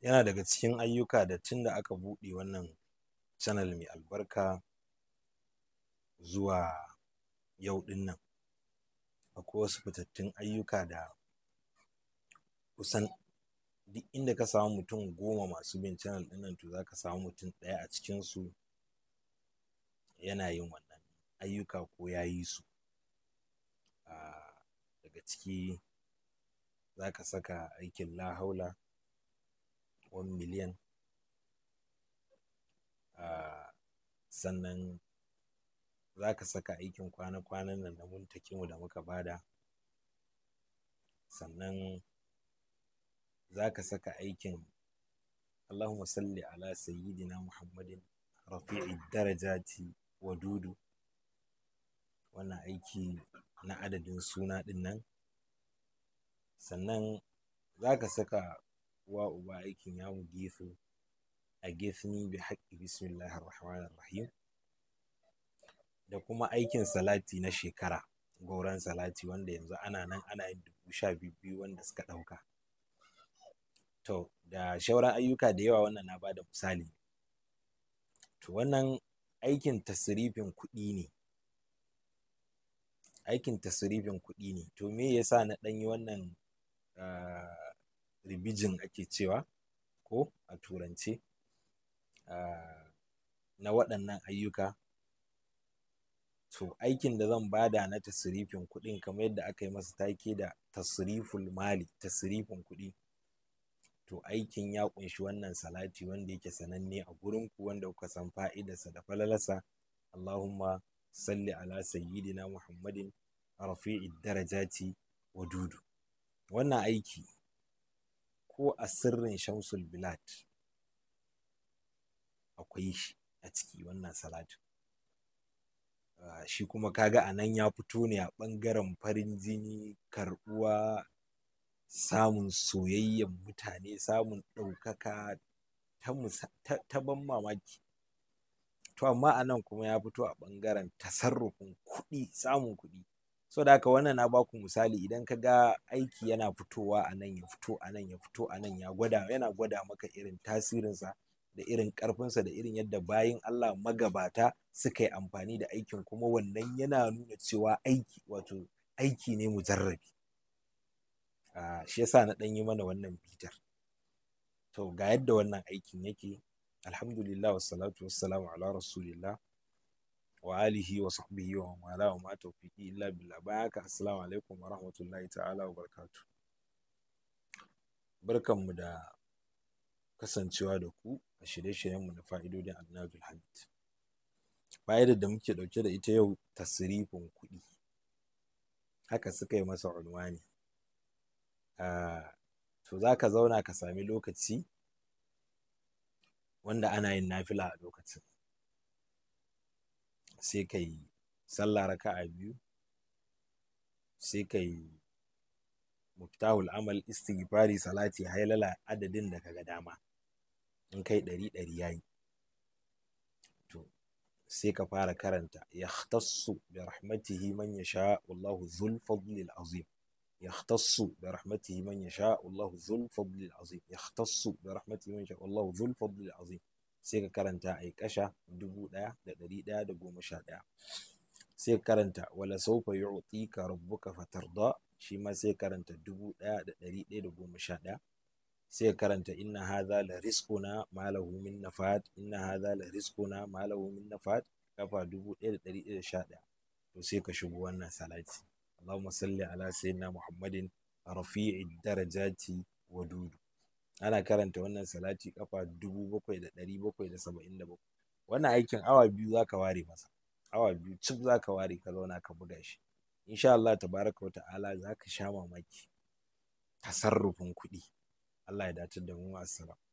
yana daga cikin ayyuka da tun da aka buɗe wannan channel mai albarka zuwa yau ɗin nan akwai wasu fitattun ayyuka da kusan duk inda ka samu mutum goma masu bin channel ɗin nan to za ka samu mutum ɗaya a cikinsu yana yin wannan ayyuka ko ya yi su ah, daga ciki za ka saka aikin lahaula 1 miliyan ah, sannan za ka saka aikin kwana-kwanan nan ta muntakinmu da muka bada sannan za ka saka aikin Allahumma salli ala sayyidina Muhammadin rafi'i darajati wa dudu wannan aiki na adadin suna dinnan sannan za ka saka uwa uba aikin ya mu gefe a ni bi haƙƙi bismillahir rahmanir rahim da kuma aikin salati na shekara gauran salati wanda yanzu ana nan ana yin dubu sha biyu wanda suka ɗauka to da shauran ayyuka da yawa wannan na ba da misali to wannan aikin tasirifin kuɗi ne aikin tasirifin kuɗi ne to me yasa na ɗanyi wannan ah, ribijin ake cewa ko a turance na waɗannan ayyuka to aikin da zan bada na tasirifin kuɗin kamar yadda aka yi masa take da tasiriful mali tasirifin kuɗi to aikin ya ƙunshi wannan salati wanda yake sananne a gurinku wanda kuka san fa'idarsa da falalarsa Allahumma salli ala sayyidina Muhammadin rafi'id darajati wa dudu wannan aiki ko a sirrin shamsul bilad akwai shi a ciki wannan salatu ah, shi kuma kaga a nan ya fito ne a ɓangaren farin jini karɓuwa samun soyayyen mutane samun ɗaukaka ta ban mamaki to amma a nan kuma ya fito a ɓangaren tasarrufin kuɗi samun kuɗi so da haka wannan na baku misali idan ka ga aiki yana fitowa a nan ya fito a nan ya fito a nan ya gwada yana gwada maka irin tasirinsa da irin karfinsa da irin yadda bayan, Allah magabata suka yi amfani da aikin kuma wannan yana nuna cewa aiki wato aiki ne mujarrabi a shi yasa na ɗan yi mana wannan bitar to ga yadda wannan aikin yake alhamdulillah wassalatu wassalamu ala rasulillah wa alihi wa sahbihi wa mawala wa ma tawfiqi illa billah Baya aka assalamu alaikum wa rahmatullahi ta'ala wa barakatuh barkanmu da kasancewa da ku a shirye-shiryenmu na fa'idodin annabul hamid fa'idar da muke ɗauke da ita yau tasrifin kuɗi haka suka yi masa unwani to za ka zauna ka sami lokaci wanda ana yin nafila a lokacin sai ka yi sallah a biyu sai ka yi muftahul amal istighfari salati haylala adadin da kaga dama in kai ɗari ɗari yayi to sai ka fara karanta yahtassu bi rahmatihi man yasha wallahu zul fadli azim yahtassu bi rahmatihi man yasha wallahu zul fadli azim yahtassu bi rahmatihi man yasha wallahu zul fadli azim sai ka karanta a kasha dubu ɗaya da ɗari ɗaya da goma sha ɗaya sai ka karanta wala saufa otsi ka fatar da shi ma sai ka karanta dubu ɗaya da ɗari ɗaya da goma sha ɗaya sai ka karanta inna hadha la rizquna ma lahu min nafat inna hadha la rizquna ma lahu min nafat kafa dubu ɗaya da ɗari ɗaya da sha ɗaya to sai ka shigo wannan salati Allahumma salli ala sayyidina Muhammadin rafi'id darajati wa dudu ana karanta wannan salati kafa dubu bakwai da ɗari bakwai da saba'in da bakwai wannan aikin awa biyu za ka ware masa awa biyu cif za ka ware ka zauna ka buga shi insha Allah tabaraka wa ta'ala za ka sha mamaki tasarrufin kuɗi Allah ya dace da mu assalamu